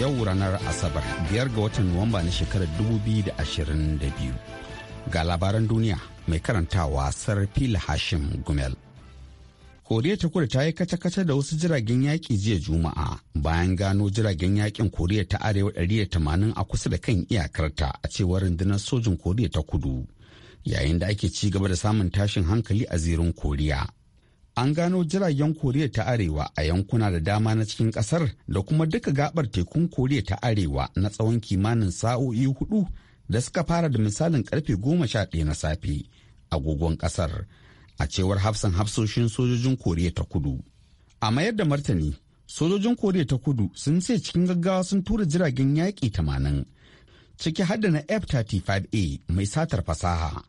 yau ranar asabar biyar ga watan nuwamba na shekarar 2022 ga labaran duniya mai karantawa sarfila hashim gumel koriya ta kudu ta yi kace-kace da wasu jiragen yaƙi jiya juma'a bayan gano jiragen yaƙin koriya ta arewa 180 a kusa da kan iyakarta a cewar rundunar sojin koriya ta kudu yayin da ake ci gaba da samun tashin hankali a zirin koriya an gano jiragen koriya ta arewa a yankuna da dama na cikin kasar da kuma duka gabar tekun koriya ta arewa na tsawon kimanin sa'o'i hudu da suka fara da misalin karfe goma sha ɗaya na safe agogon kasar a cewar hafsan hafsoshin sojojin koriya ta kudu a mayar da martani sojojin koriya ta kudu sun ce cikin gaggawa sun tura jiragen yaƙi tamanin ciki hadda na f-35a mai satar fasaha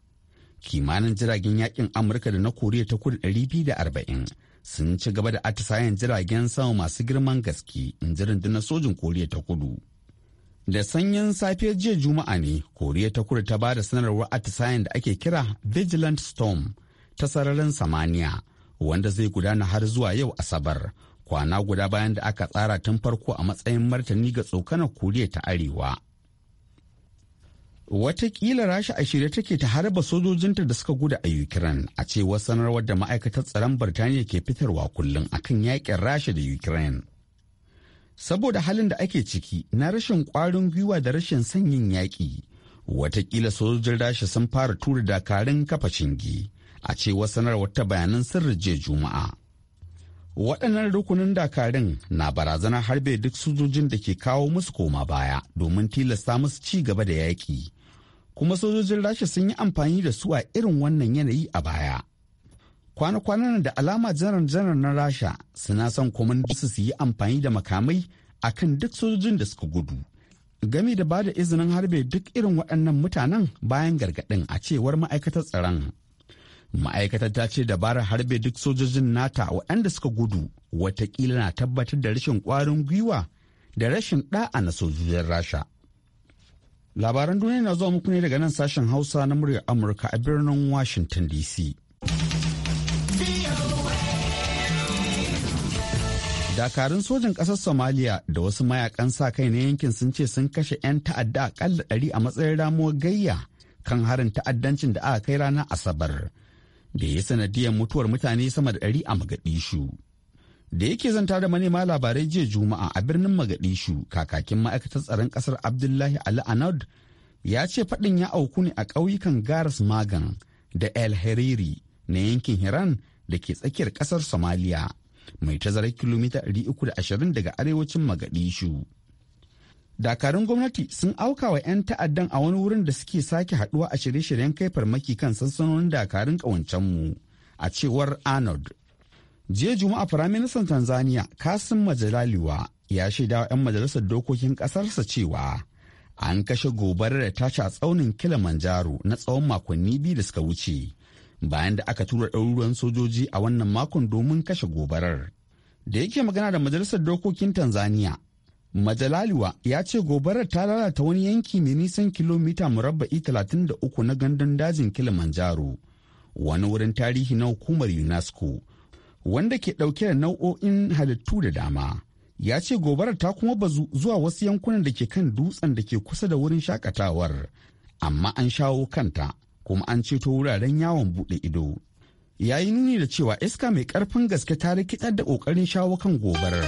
kimanin jiragen yakin amurka da na koriya ta kudu 240 sun ci gaba da atisayen jiragen sama masu girman gaske in ji rundunar sojin koriya ta kudu da sanyin safiya jiya juma'a ne koriya ta kudu ta ba da sanarwar atisayen da ake kira vigilant storm ta sararin samaniya wanda zai gudana har zuwa yau asabar kwana guda bayan da aka tsara tun farko a matsayin martani ga tsokanar koriya ta arewa Wataƙila Rasha a shirye take ta harba sojojinta da suka gudu a Ukraine a cewar sanarwar da ma'aikatar tsaron Birtaniya ke fitarwa kullum a kan yaƙin Rasha da Ukraine. Saboda halin da ake ciki na rashin ƙwarin gwiwa da rashin sanyin yaƙi, wataƙila sojojin Rasha sun fara tura dakarun kafa shinge a cewar sanarwar ta bayanan sirri jiya Juma'a. waɗannan rukunin dakarun na barazanar harbe duk sojojin da ke kawo musu koma baya domin tilasta musu ci gaba da yaƙi kuma sojojin rasha sun yi amfani da su a irin wannan yanayi a baya kwana-kwanan da alama janar-janar na rasha suna son kwamandarsu su yi amfani da makamai a kan duk sojojin da suka gudu Gami da ba da izinin harbe duk irin waɗannan mutanen bayan gargaɗin a cewar ma'aikatar tsaron ma'aikatar ta ce dabarar harbe duk sojojin nata waɗanda suka gudu watakila na tabbatar da rashin ƙwarin gwiwa da rashin ɗa'a na sojojin rasha Labaran duniya na zuwa muku ne daga nan sashen Hausa na muryar Amurka a birnin Washington DC. Dakarun sojin ƙasar Somalia da wasu mayakan sa kai na yankin sun ce sun kashe 'yan ta'adda aƙalla ɗari a matsayin ramuwar gayya kan harin ta'addancin da aka kai ranar Asabar. Da ya sanadiyar mutuwar mutane sama da ɗari a Magadishu. da yake zanta da manema labarai jiya juma'a a birnin magadishu kakakin ma'aikatar tsaron kasar abdullahi ali anad ya ce faɗin ya auku ne a ƙauyukan garas magan da el hariri na yankin hiran da ke tsakiyar ƙasar somaliya mai tazarar kilomita 320 daga arewacin magadishu dakarun gwamnati sun auka wa 'yan ta'addan a wani wurin da suke sake haduwa a shirye-shiryen kai farmaki kan sansanonin dakarun mu, a cewar arnold jiya juma'a firaministan tanzania kasim majalaliwa ya shaida wa 'yan majalisar dokokin ƙasarsa cewa an kashe gobarar da ta a tsaunin kilimanjaro na tsawon makonni biyu da suka wuce bayan da aka tura ɗaruruwan sojoji a wannan makon domin kashe gobarar da yake magana da majalisar dokokin tanzania majalaliwa ya ce gobarar ta lalata wani yanki mai nisan kilomita murabba'i uku na gandun dajin kilimanjaro wani wurin tarihi na hukumar unesco wanda ke dauke da nau'o'in halittu da dama ya ce gobarar ta kuma bazu zuwa wasu yankunan da ke kan dutsen da ke kusa da wurin shakatawar amma an shawo kanta kuma an ceto wuraren yawon bude ido ya yi nuni da cewa iska mai ƙarfin gaske ta rikitar da ƙoƙarin shawo kan gobarar.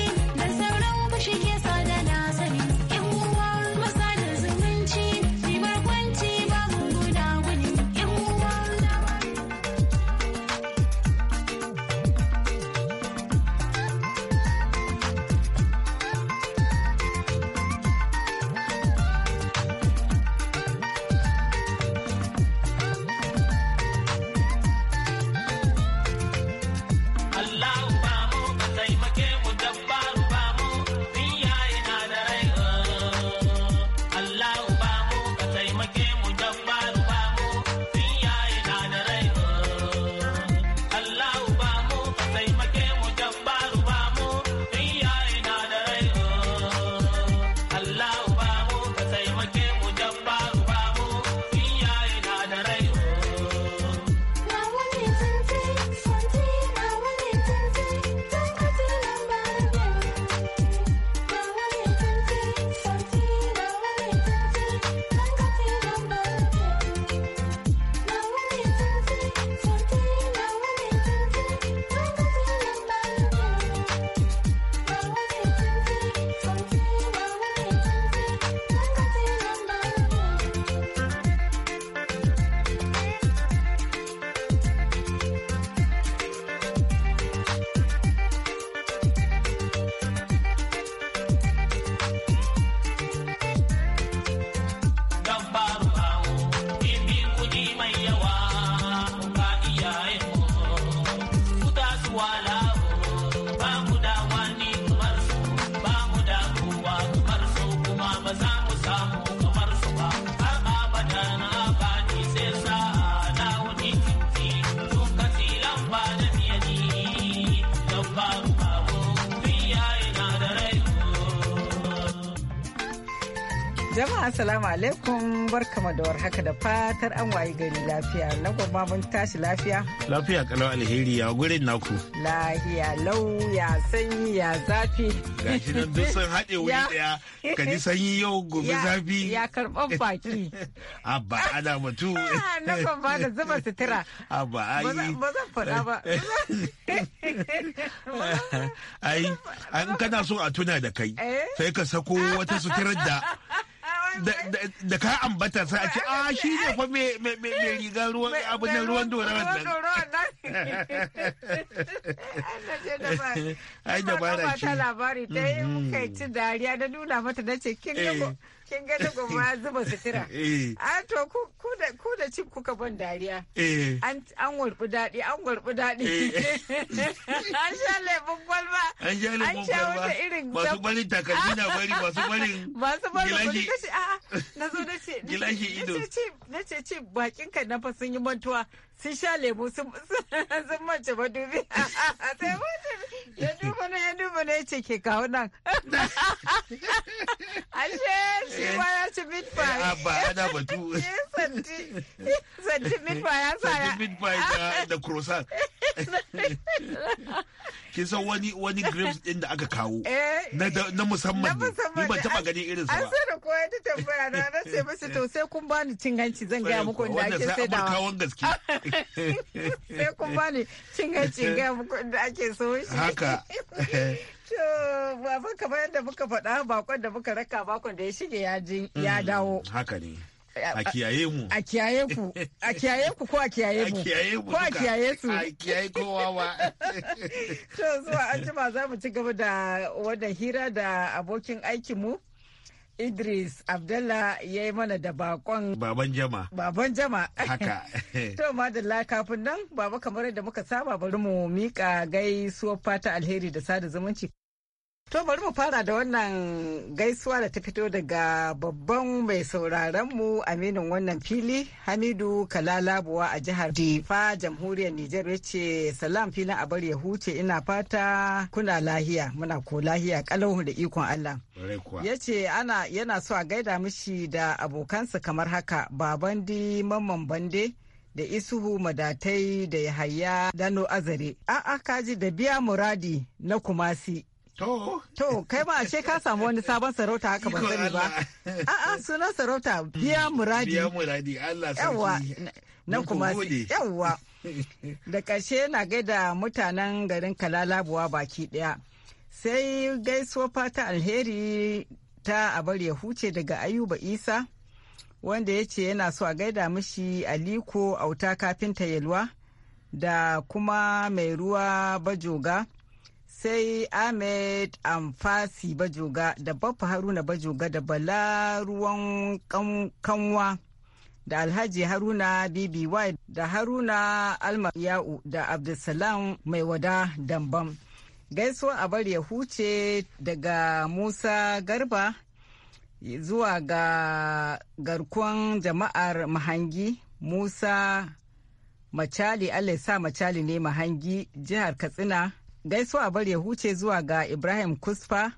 Assalamu alaikum barkama da haka da fatar an wayi gari lafiya. Na ma mun tashi lafiya. Lafiya kalau alheri ya gurin naku. Lahiya lau ya sanyi ya zafi. Gashi nan duk sun haɗe wuri ɗaya. Ka ji sanyi yau gobe zafi. Ya karɓan baki. Abba ana mutu. Ah, na kan ba da zuba sutura. Abba ayi. Ba zan faɗa ba. Ai an kana so a tuna da kai. Eh? Sai ka sako wata suturar da da ka ambata sai a ce a ah, shi ne fa me me me riga ruwan abin nan ruwan dora nan ai da bara shi ta labari ta yi kai mm-hmm. ci dariya da nuna mata da ce kin kin ga goma ma zuba sutura a eh. ah, to ku da cin kuka ban dariya eh. an gurbi daɗi an gurbi daɗi eh. an sha lebun gwalba an sha wata irin masu barin takardu na bari masu barin masu barin gilashi. na zo na ce na ce ci ka na sun yi mantuwa sun sha lemu sun mace ba dubi sai ya duba na ya duba na ya ce ke kawo nan ashe shi ma ya ci meat pie eh, ba ana batu santi meat pie ya sa ya zanti meat da croissant kin san wani wani grapes din da aka kawo eh. na musamman ne ban taba gani irin sa ba an sai da koyar ta tambaya na na sai musu to sai kun bani cin ganci zan ga muku da ake sai da kawon gaske sai kun bani cin ganci ga muku da ake so shi haka to ba kamar yadda muka faɗa bakon da muka raka bakon da ya shige ya mm, dawo haka ne a kiyaye mu a kiyaye ku a kiyaye ku ko a kiyaye mu ko a kiyaye su a kiyaye kowa ba to zuwa an jima za mu ci gaba da wannan hira da abokin aikin mu Idris Abdalla ya yi mana da bakon baban jama baban jama haka to madalla kafin nan baba kamar yadda muka saba bari mu mika gaisuwar fata alheri da sada zumunci To bari mu fara da wannan gaisuwa da ta fito daga babban mai sauraronmu aminin wannan fili Hamidu Kalalabuwa a jihar Difa jamhuriyar Nijar ya ce salam filin a bari ya huce ina fata kuna lahiya muna ko lahiya kalau da ikon Allah. Ya ce ana yana so a gaida mishi da abokansa kamar haka baban di mamman bande. da isuhu madatai da yahaya dano azare a'a kaji da biya muradi na kumasi To. kai ma ashe ka samu wani sabon sarauta haka ban sani ba. A'a sunan sarauta biya muradi. Biya muradi, Allah sarki. Yawwa, na kuma yawwa. Da ƙarshe na gaida mutanen garin Kalalabuwa baki ɗaya. Sai gaisuwa fata alheri ta abar ya huce daga Ayuba Isa, wanda ya ce yana so a gaida mishi Aliko Auta kafinta Yalwa da kuma mai ruwa Bajoga. sai ahmed amfasi bajoga da baffa haruna bajoga da bala ruwan kanwa da alhaji haruna bby da haruna alma ya'u da abdulsalam mai wada dambam gaisuwa a bari ya huce daga musa garba zuwa ga garkon jama'ar mahangi musa Machali allah sa Machali ne mahangi jihar katsina Gaisuwa bar ya huce zuwa ga Ibrahim Kusfa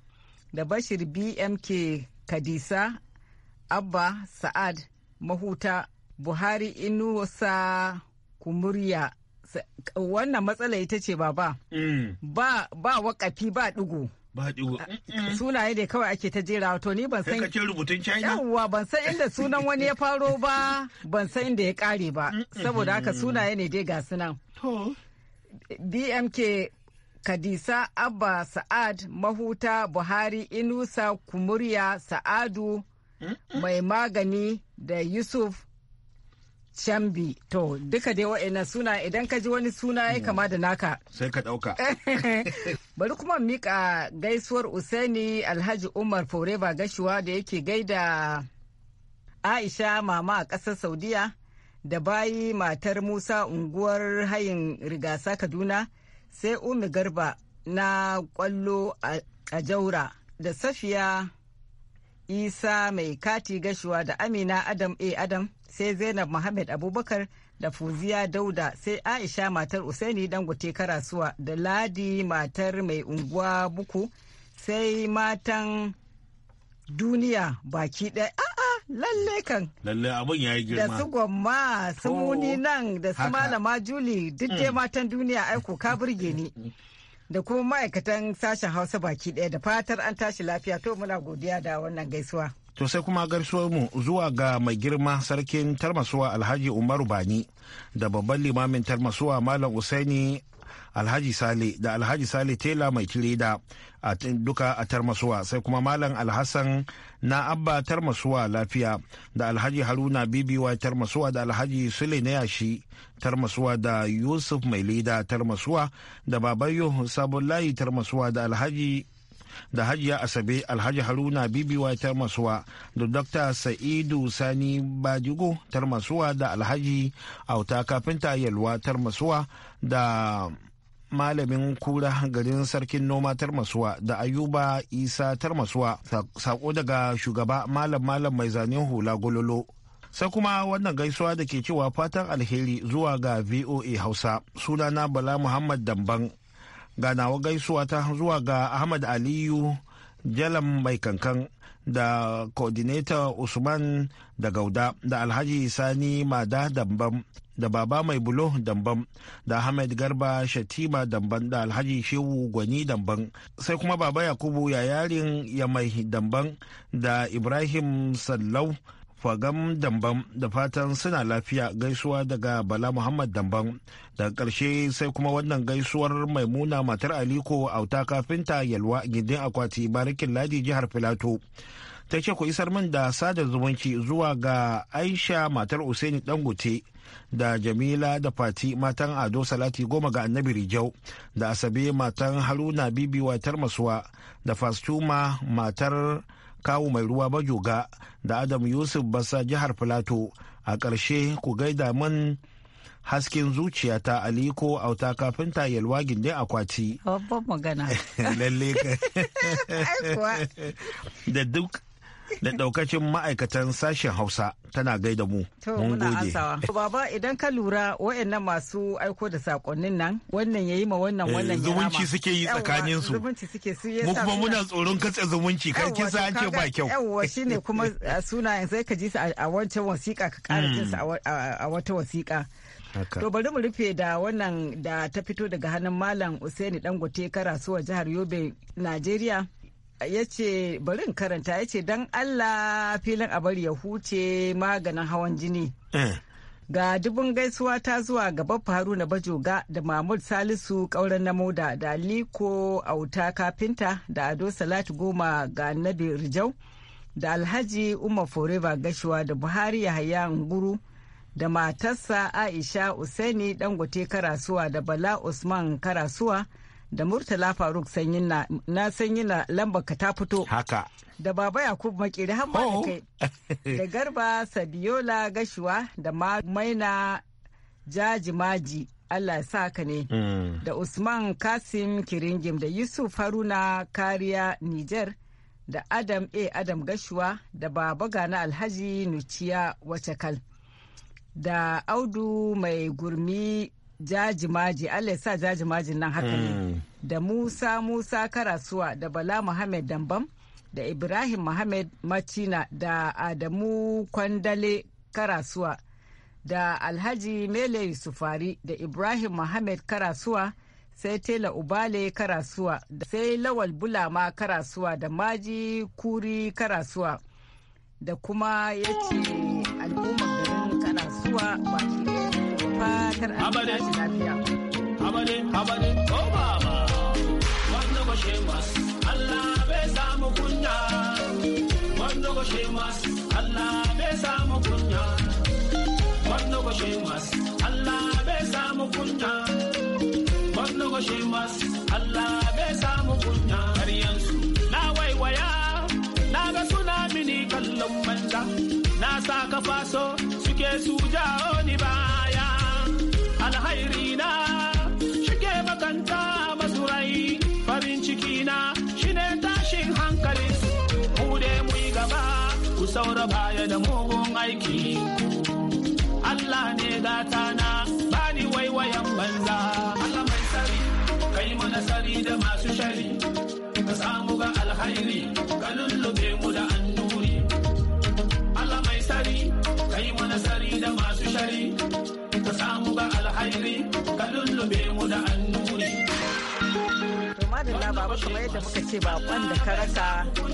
da Bashir BMK Kadisa, Abba Sa'ad Mahuta, Buhari Inusa kumurya. Wannan matsala ita ce baba. Mm. Ba, ba wakafi ba ɗigo. ba digo sunaye da kawai ake ta jera to ni ban san kake rubutun China yawwa ban san inda sunan wani ya faro ba ban san inda ya kare ba saboda haka sunaye ne dai ga sunan to BMK Kadisa Abba Sa'ad Mahuta Buhari Inusa Kumurya Sa'adu mai magani da Yusuf Chambi. To, duka dai wa'annan suna idan ka ji wani suna ya mm. kama da naka. Sai ka ɗauka. Bari kuma mika gaisuwar Usaini Alhaji Umar Foreba Gashuwa da yake gaida Aisha mama a ƙasar Saudiya da bayi matar Musa unguwar hayin rigasa Kaduna. sai Umi Garba na kwallo a jaura da Safiya Isa mai kati gashuwa da Amina Adam A. Eh, Adam sai Zainab Muhammad Abubakar da Fuziya Dauda sai Aisha matar Usaini Dangote Karasuwa da Ladi matar mai unguwa Buku sai matan duniya baki daya. lalle kan lalle abin ya yi girma da su gwamma su muni nan da su malama juli duk dai mm. matan duniya aiko ka burge ni da kuma ma'aikatan sashen hausa baki ɗaya da fatar an tashi lafiya to muna godiya da wannan gaisuwa to sai kuma gaisuwar mu zuwa ga mai girma sarkin tarmasuwa alhaji umaru bani da babban limamin tarmasuwa malam usaini alhaji sale da alhaji sale tela mai tireda a duka a tarmasuwa sai kuma malam alhassan na abba tarmasuwa lafiya da alhaji haruna bibiwa tarmasuwa da alhaji sule na yashi tarmasuwa da yusuf mai leda tarmasuwa da babayo sabon layi tarmasuwa da alhaji da hajiya asabe alhaji haruna bibiwa tarmasuwa da dr sa'idu sani bajigo tarmasuwa da alhaji auta kafinta yalwa tarmasuwa da malamin kura garin sarkin noma tarmasuwa da ayuba isa tarmasuwa sako daga shugaba malam malam mai zanen hula gololo sai kuma wannan gaisuwa da ke cewa fatan alheri zuwa ga voa hausa sunana bala muhammad damban ga nawa gaisuwa ta zuwa ga ahmad aliyu jalam mai kankan da coordinator usman da gauda da alhaji sani mada dambam da baba mai bulo dambam da ahmed garba shatima dambam da alhaji shehu gwani dambam sai kuma baba yakubu ya mai dambam da ibrahim sallau fagam dambam da fatan suna lafiya gaisuwa daga bala muhammad dambam daga karshe sai kuma wannan gaisuwar maimuna matar aliko auta kafinta yalwa gindin akwati barikin ladi jihar filato ta ce ku isar min da sada zumunci zuwa ga aisha matar usaini dangote da jamila da fati matan ado salati goma ga annabi rijau da asabe matan haruna bibi watar masuwa da fastuma matar kawu mai ruwa bajoga da adam yusuf basa jihar filato a ƙarshe ku gaida man hasken zuciya ta aliko auta kafin ta yalwa a akwati babban magana lalle da duk da daukacin ma'aikatan sashen hausa tana gaida mu mun gode baba idan ka lura wa'annan masu aiko da sakonnin nan wannan yayi ma wannan eh, wannan zumunci suke yi tsakanin su zumunci suke su mu kuma muna tsoron katse zumunci kar ki sa an ce ba kyau yawa shine kuma sunayen sai ka ji su a wancan wasiƙa ka ƙara jin su a hmm. wata wasiƙa To bari mu rufe da wannan da ta fito daga hannun Malam Usaini Dangote karasuwa jihar Yobe, Najeriya. ya ce bari karanta ya ce don allah filin a bari ya huce maganin hawan jini eh. ga dubun gaisuwa ta zuwa gaba haruna bajoga da mahmud salisu kauran na moda da aliko auta kafinta da ado salatu goma ga nabi rijau da alhaji umar forever gashua da buhari haya nguru da matarsa aisha usaini dangote karasuwa da bala usman karasuwa da Murtala Faruk Sanyina na ka ta fito. Haka. Da Baba Yakubu Makeri har da oh. kai. Da Garba sabiola Gashuwa da Maina jaji maji Allah ya sa ka ne. Mm. Da Usman Kasim Kiringim da Yusuf Haruna Kariya Niger. Da Adam A. Adam Gashuwa da Baba Gana Alhaji Nuciya Wacakal. Da Audu Mai Gurmi jajimaji allah sa jajimajin nan haka ne mm. da musa musa karasuwa da bala muhammad dambam da ibrahim muhammad macina da adamu kwandale karasuwa da alhaji mele yusufari da ibrahim muhammad karasuwa sai tela ubale karasuwa da sai lawal bulama karasuwa da maji kuri karasuwa da kuma ya ce al'ummar garin karasuwa baki fatar an tashi lafiya. Abade, abade, ko baba, wanda ko she mas? Allah bai samu kunya. Wanda ko she mas? Allah bai samu kunya. Wanda ko she mas? Allah bai samu kunya. Wanda ko she mas? Allah bai samu kunya. Har yanzu na waiwaya, na ga suna mini kallon manja, na sa kafa so suke su jawo ni ba. alhairi na shige bakanta mazurai farin ciki na shine tashin hankali mu da mu gaba ku saura baya da mugun aiki Allah ne gata na bani waiwayan banza Allah mai sari kai mu nasari da masu shari ka samu ga alhairi ka lullube mu alkhairi ka lullube mu da annuri madalla ba kamar yadda muka ce bakon da ka rasa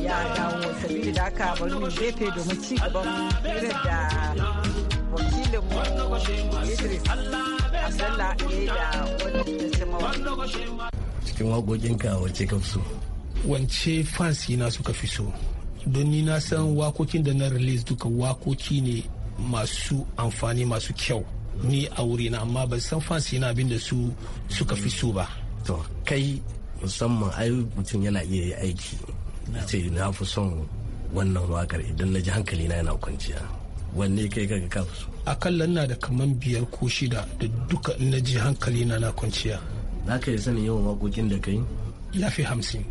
ya dawo sabili da aka bari mu gefe domin ci gaban irin da wakilin mu Idris Abdullah ne da wanda ya ci cikin waƙoƙinka wacce ka fi so wance fansi na ka fi so don ni na san wakokin da na release duka wakoki ne masu amfani masu kyau ni a wuri amma ba san fansi na abin da su suka fi so ba to kai musamman ai mutum yana iya yi aiki ce na fi son wannan wakar idan na ji hankali na yana kwanciya wanne kai kaga ka fi so akalla na da kaman biyar ko shida da duka na ji hankali na na kwanciya za ka yi sanin yawan waƙoƙin da kai ya fi hamsin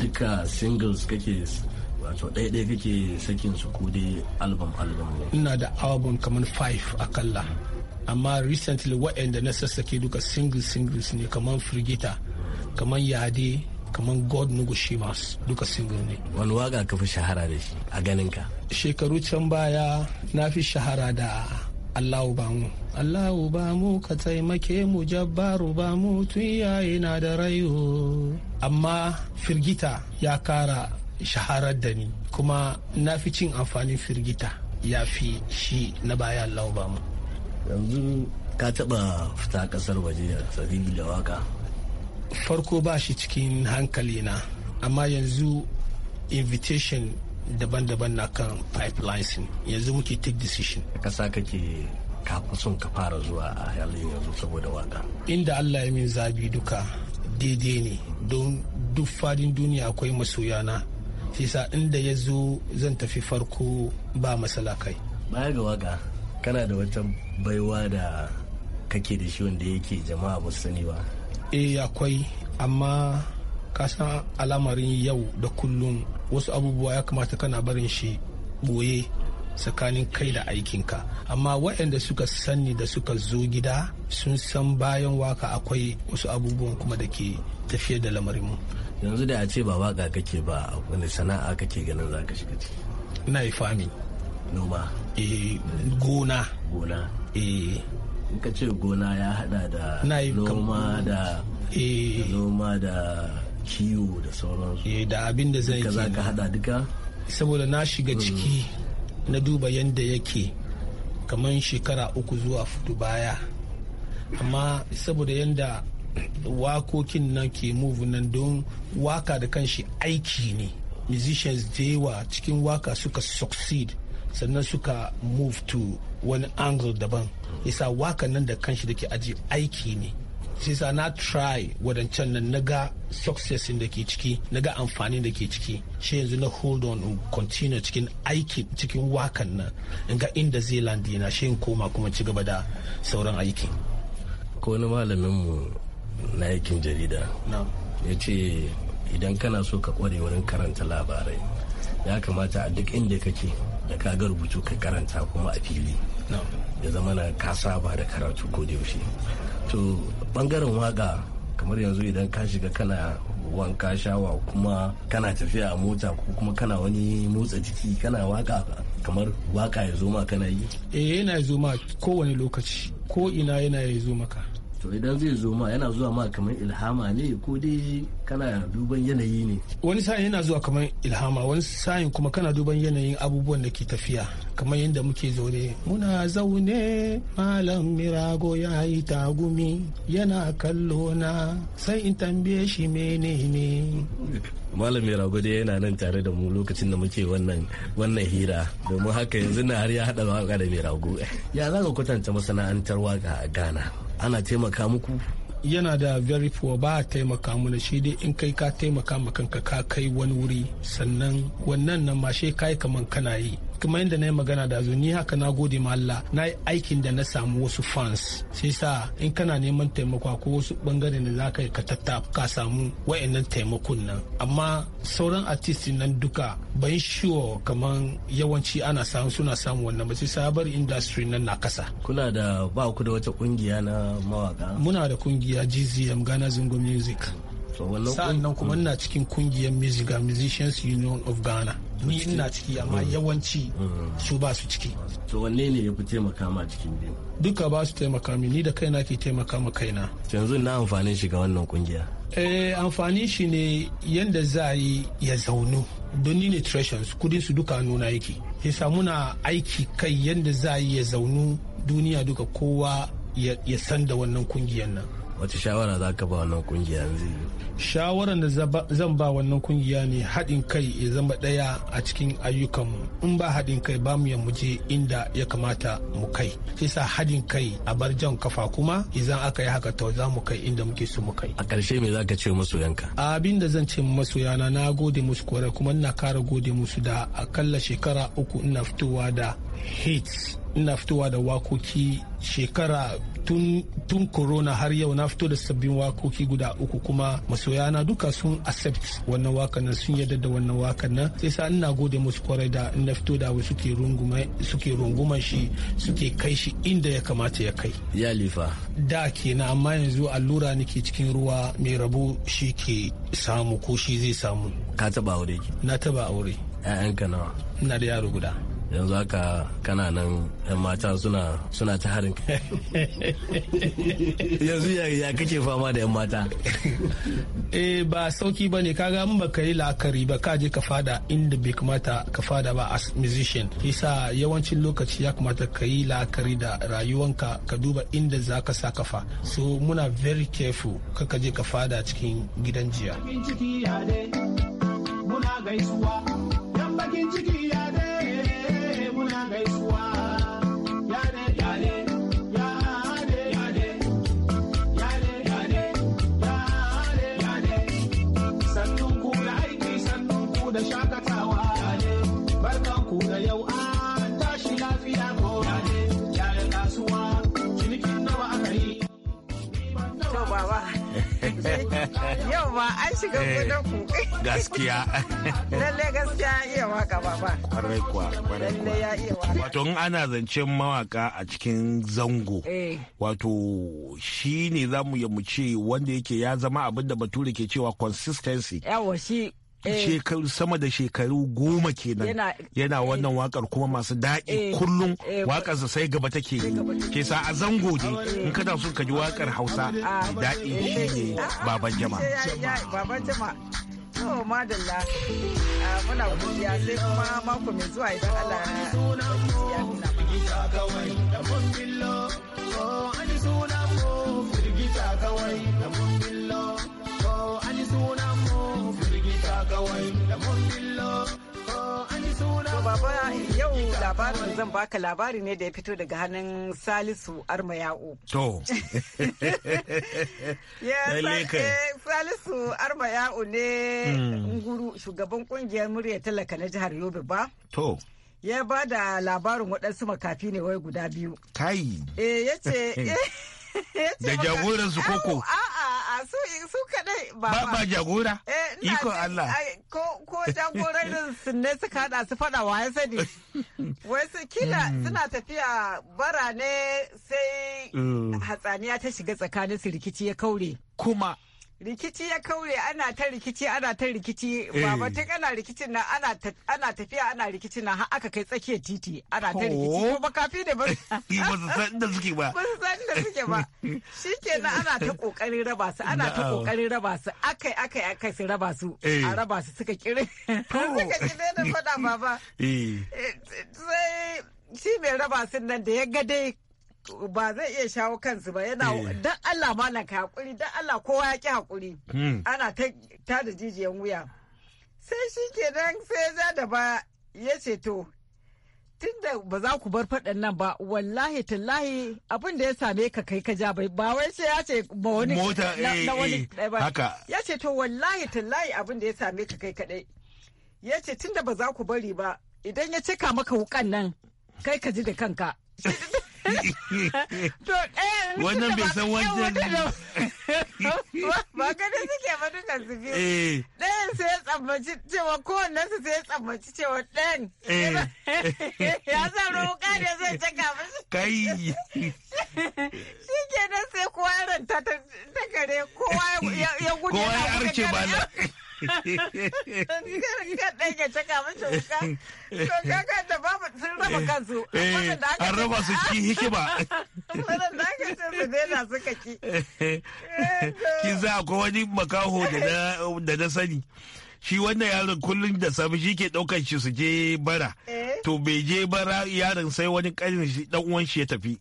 duka singles kake wato ɗaya kake sakin su ko album album ina da album kamar five akalla amma recently waɗanda na sassake duka single singles ne kamar frigita kamar yade kamar god nugu shimas duka single ne wani waka ka fi shahara da shi a ganin ka shekaru can baya na fi shahara da allahu mu. allahu mu ka taimake mu jabbaru mu tun yayi na da rayu amma firgita ya kara shaharar da ni kuma na fi cin amfanin firgita ya fi shi na baya allahu mu. yanzu ka taba fita kasar waje sabili da waka farko ba shi cikin hankali na amma yanzu invitation daban-daban na kan pipelines yanzu muke take decision kasa kake son ka fara zuwa a halin yanzu saboda waka inda allah ya min zabi duka daidai ne don duk fadin duniya akwai masoya na sa inda ya zo zan tafi farko ba masala kai baya ga waka kana da wata baiwa da kake da shi wanda yake jama'a ba sani ba eh akwai amma ka san alamarin yau da kullum wasu abubuwa ya kamata kana barin shi boye tsakanin kai da aikinka amma waɗanda suka sani da suka zo gida sun san bayan waka akwai wasu abubuwan kuma da ke tafiyar da lamarinmu yanzu da a ce ba waka kake ba wani sana'a kake ganin za ka shiga ciki ina yi fami noma eh mm. gona gona eh in ka ce gona ya hada da noma eh. da noma da kiwo da sauransu eh da abin da zai za ka hada duka saboda na shiga mm. ciki na duba yadda yake kamar shekara uku zuwa fudu baya amma saboda yadda wakokin nan ke move nan don waka da kanshi aiki ne musicians da yawa cikin waka suka succeed sannan suka move to wani angle daban yasa wakan nan da kanshi da ke aji aiki ne sai na try wadancan nan na ga success da ke ciki na ga amfani da ke ciki shi yanzu na hold on in continue cikin aiki cikin wakan nan in ga inda zai landi na shi koma kuma ci gaba da sauran aiki ko wani malamin mu na aikin jarida ya ce idan kana so ka kware wurin karanta labarai ya kamata a duk inda kake da kaga rubutu ka karanta kuma a fili ya zama na ka saba da karatu ko da yaushe to bangaren waka kamar yanzu idan ka shiga kana wanka shawa kuma kana tafiya a mota ko kuma kana wani motsa jiki kana waka kamar waka ya zo ma kana yi eh yana zo ma kowane lokaci ko ina yana ya zo maka to idan zai zo ma yana zuwa ma kamar ilhama ne ko dai kana duban yanayi ne wani sa'in yana zuwa kamar ilhama wani sa'in kuma kana duban yanayin abubuwan da ke tafiya kamar yadda muke zaune muna zaune malam mirago ya yi tagumi yana kallo na sai in tambaye shi menene malam mirago dai yana nan tare da mu lokacin da muke wannan wannan hira domin haka yanzu na har ya hada waka da mirago ya za ka kwatanta masana'antar waka a ghana ana taimaka muku yana da very poor ba a taimaka mana shi dai in kai ka taimaka ma ka kai wani wuri sannan wannan nan ma shi kai kaman kana yi kamar yadda na yi magana da zo ni haka na gode ma Allah na yi aikin da na samu wasu fans sai sa in kana neman taimako ko wasu bangare da za ka ka tatta ka samu wa'annan taimakon nan amma sauran artist nan duka ban shiwo kamar yawanci ana samu suna samu wannan ba sai sabar industry nan na kasa kuna da ba ku da wata kungiya na mawaka muna da kungiya GZM Ghana Zungo Music sa'an nan kuma ina cikin kungiyar music musicians union of ghana ni ina ciki amma mm. yawanci mm. su ba su ciki to wanne ne ya fi taimaka ma cikin biyu duka ba su taimaka min ni da kaina ke taimaka ma kaina yanzu na amfanin shi ga wannan kungiya eh amfani shi ne yanda za a yi ya zaunu don ni ne treasures kudin su duka nuna yake ya samu na aiki kai yanda za a yi ya zaunu duniya duka kowa ya san da wannan kungiyar nan wata shawara za ka ba wannan kungiya yanzu shawaran da zan ba wannan kungiya ne haɗin kai ya zama ɗaya a cikin ayyukanmu in ba haɗin kai ba mu muje inda ya kamata mu kai shi sa haɗin kai a bar jan kafa kuma idan aka yi haka to za mu kai inda muke so mu kai a ƙarshe me za ka ce masoyanka abin da zan ce masoyana na gode musu kwarai kuma ina kara gode musu da akalla shekara uku ina fitowa da hits na fitowa da wakoki shekara tun, korona corona har yau na fito da sabbin wakoki guda uku kuma masoya na duka sun accept wannan wakan nan sun yadda da wannan wakan nan sai sa ina gode musu kwarai da na fito da wasu suke runguma shi suke kai shi inda ya kamata ya kai ya lifa da ke na amma yanzu allura nake cikin ruwa mai rabo shi ke samu ko shi zai samu ka taba aure na taba aure 'ya'yanka nawa ina da yaro guda yanzu haka nan yan mata suna ta harin yanzu ya kake fama da yan mata eh ba sauki ba ne kaga mun baka yi la'akari ba ka je ka fada inda bai kamata ka fada ba as musician yasa yawancin lokaci ya kamata ka yi la'akari da rayuwanka ka duba inda za ka sa kafa so muna very careful kaka je ka fada cikin gidan jiya bakin ciki ba an shiga eh, gudan ku. Gaskiya. Lalle gaskiya iya waka ba ba. Kwarai kuwa. Lalle ya iya waka. Wato in ana zancen mawaka a cikin zango. Eh. Wato shi ne za mu ce wanda yake ya zama abin da bature ke cewa consistency. Yawa shi Eh. shekaru sama da shekaru goma kenan yana eh. wannan wakar kuma masu daɗi eh. kullum wakar sa sai gaba take yi ke sa a zango ne in kana so ka ji wakar hausa ah. daɗi shi ne ah. baban jama baban jama To madalla ah, muna godiya sai kuma mako mai zuwa idan Allah ya nuna mu. labarin zan baka labari ne da ya fito daga hannun Salisu Armayau. To. Eh, Salisu Armayau ne hmm. nguru shugaban kungiyar murya talaka na jihar Yobe ba. To. Ya ba da labarin waɗansu makafi ne wai guda biyu. Kai. Eh ya ce. da jagoran su koko a'a su su kadai ba ba jagora eh, iko Allah ko ko jagoran su ne suka hada su fada wa ya sani wai su kila hmm. suna tafiya bara ne sai hmm. hatsaniya ta shiga tsakanin su rikici ya kaure kuma rikici ya kaure ana ta rikici ana ta rikici eh. ba ta ana rikicin na ana tafiya ana rikicin na har aka kai tsakiyar titi ana ta rikici oh. ko ba kafi da ba su san da suke ba ba su san da suke ba shikenan ana ta kokarin raba su ana ta kokarin raba su akai akai akai su raba su eh. a raba su suka kire suka kire da fada baba eh. sai shi mai raba sun nan da ya ga dai ba zai iya shawo kansu ba yana eh. dan Allah malaka hakuri dan Allah kowa ya ki hakuri hmm. ana ta da jijiyan wuya sai shi ke nan, sai ya da ba ya ce to tun da ba za ku bar faɗan nan ba wallahi tallahi abin da ya same ka kai ka ja bai ba wai sai ya ce ba wani mota na eh, wani eh, haka ya ce to wallahi tallahi abin da ya same ka kai kadai ya ce tun da ba za ku bari ba idan ya cika maka wukan nan kai ka ji da kanka Eh, wannan bai san wancan ba da suke matu duka su biyu eh. ɗayan sai ya tsammaci cewa su sai ya tsammaci cewa ɗayan eh. ya sa roƙa da zai caka musu kai shi kenan sai kowa ya ranta ta kare kowa ya gudu kowa ya arce ba caka raba kansu an raba su ki hikima ki za akwai wani makaho da na sani shi wannan yaron kullum da safe shi ke ɗaukar shi su je bara to bai je bara yaron sai wani ƙarin shi ɗan uwan shi ya tafi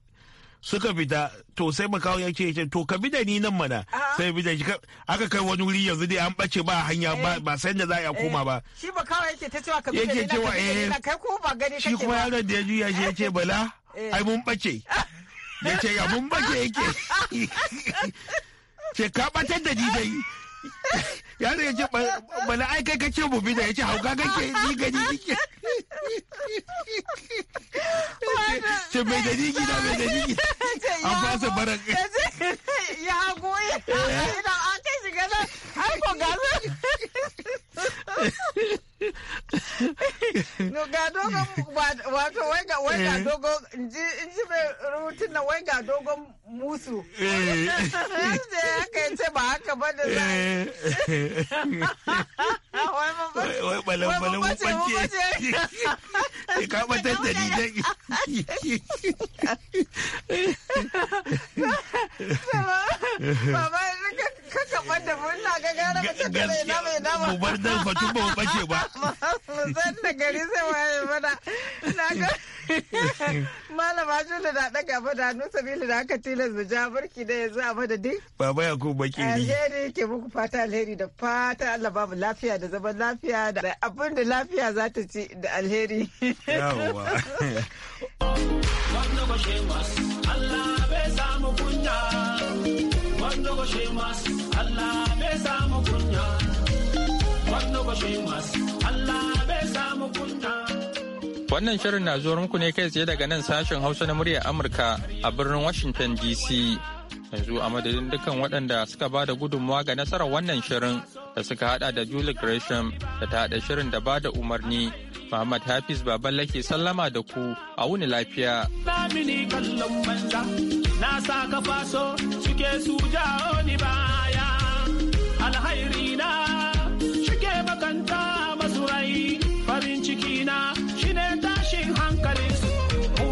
suka fita to sai makawo ya ce to ka bi da ni nan mana sai bi da shi aka kai wani wuri yanzu dai an bace ba hanya eh. ba san da za a koma ba eh. shi makawo yake ta cewa ka bi da ni eh kai ko ba gani kake shi kuma yaron da ya juya shi ya ce bala eh. ai mun bace ya ya mun bace yake ce ka batar da ni dai yaro yace bala ai kai kake mu bi da ya ce hauka kake ni gani yake ce mai da jiki na mai da jiki an fasa barak ya goyi eh? idan an kai shiga nan ai ko ga dogon wato wai ga wai ga dogon in ji mai rubutun na wai ga dogon musu ce ba haka ba da za wai balan-balan da ni baba Ka kaka banda murna ga gara mace ta mai dama mai dama mu bar dan batun ba mu bace ba zan da gari sai waye mana na ga malama shula da daga ba da nusa sabili da aka tilas da ja barki da yanzu a madadin baba ya ko baki alheri ke muku fata alheri da fata Allah ba lafiya da zaman lafiya da abin da lafiya za ta ci da alheri yawa wanda ba Allah bai samu kunya wanda ba Allah bai samu kunya wannan masu Allah bai samu kunya Wannan shirin na zuwa muku ne kai tsaye daga nan sashen Hausa na muryar Amurka a birnin Washington DC. Yanzu a madadin dukkan waɗanda suka ba da gudunmawa ga nasarar wannan shirin da suka hada da Julie Gresham da ta haɗa shirin da ba da umarni. Muhammad Hafiz Baballe ke sallama da ku a wuni lafiya. Na sa suke su jawo ni baya. alhairi na shige makanta